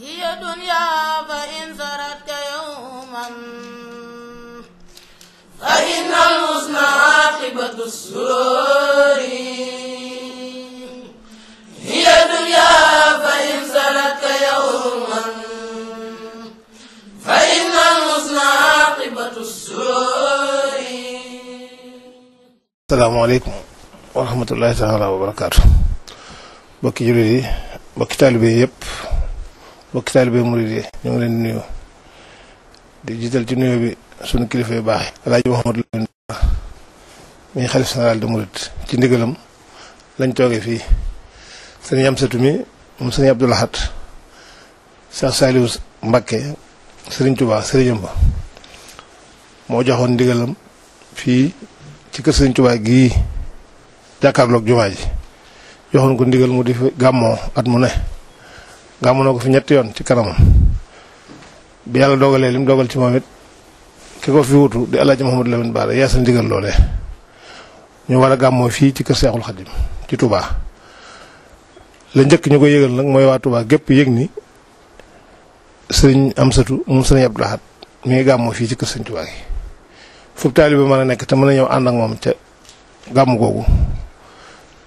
هي دنيا فإن زرتك يوما فإن المصنع عاقبة السرور هي دنيا فإن زرتك يوما فإن المصنع عاقبة السرور السلام عليكم ورحمة الله تعالى وبركاته بكي جلدي بكتال بي يب mbokki taalibe murid yi ñu ngi leen di nuyu di jiital ci nuyu bi suñu kilifa yu baax yi alaaji Mouhamadou Lamine mi xalif général de murid ci ndigalam lañ toogee fii sëñ Amsatu mi moom sëñ Abdou Lahad Cheikh Saliou Mbacké moo joxoon ndigalam fii ci kër sëriñ Touba gii jàkkaarloog jumaa ji joxoon ko ndigal mu di fi gàmmoo at mu ne gàmmu na ko fi ñetti yoon ci kanamam bi yàlla dogalee lim dogal ci moom it ki ko fi wutu di El Hadj Mouhamadou Lamine Bara yeesal ndigal loolee ñu war a gàmmoo fii ci kër Seexul Xadim ci Touba. la njëkk ñu ko yëgal nag mooy waa Touba gépp yëg ni sëriñ Amsatu moom sëriñ Abdou ngi gàmmoo fii ci kër sëriñ Touba gi fu taalibe mën a nekk te mën a ñëw ànd ak moom ca gàmm googu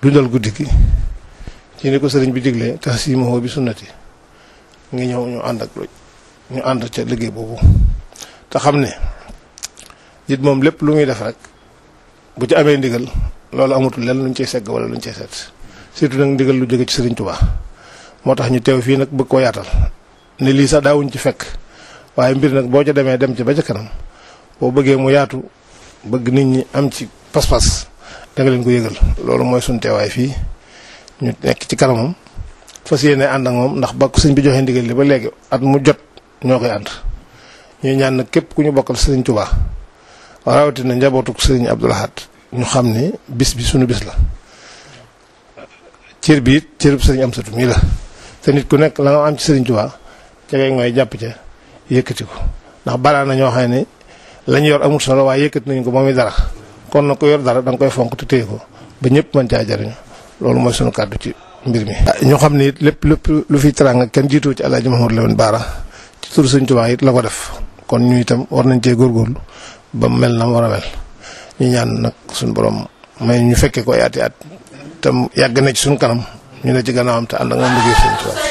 dundal guddi gi ci ni ko sëriñ bi diglee tax si bi sunnati ngi ñëw ñu ànd ak ñu ànd ca liggéey boobu te xam ne nit moom lépp lu muy def rek bu ci amee ndigal loolu amatul lenn luñ cey segg wala luñ cey seet surtout nag ndigal lu jóge ci Serigne Touba moo tax ñu teew fii nag bëgg koo yaatal ne lii sax wuñ ci fekk waaye mbir nag boo ca demee dem ci ba ca kanam boo bëggee mu yaatu bëgg nit ñi am ci pas-pas da leen ko yëgal loolu mooy suñ teewaay fii ñu nekk ci kanamam fas yéene ànd ak moom ndax ba ku sëñ bi joxe ndigal li ba léegi at mu jot ñoo koy ànd ñuy ñaan na képp ku ñu bokkal sëriñ rawati na njabootuk sëriñ Abdul Ahad ñu xam ne bis bi sunu bis la cër bi cërub sëriñ Amsatu mii la te nit ku nekk la nga am ci sëriñ Tuubaa ca ngay mooy jàpp ca yëkkati ko ndax balaa na ñoo xam ne lañ yor amul solo waaye yëkkati nañ ko moom dara kon na ko yor dara da nga koy fonk te téye ko ba ñëpp mën caa jariñu loolu mooy sunu kàddu ci mbir mi. Ah, ñoo xam ne it lépp lépp lu fi teraanga kenn jiitu ci El Hadj Mouhamadou Lamine Bara ci turu Sëñ Tuubaa it la ko def kon ñu itam war nañ cee góorgóorlu ba mel na war a mel ñu ñaan nag suñu borom may ñu fekkee ko ay at tam yàgg na ci suñu kanam ñu ne ci gannaawam te ànd ak moom liggéey Sëñ Tuubaa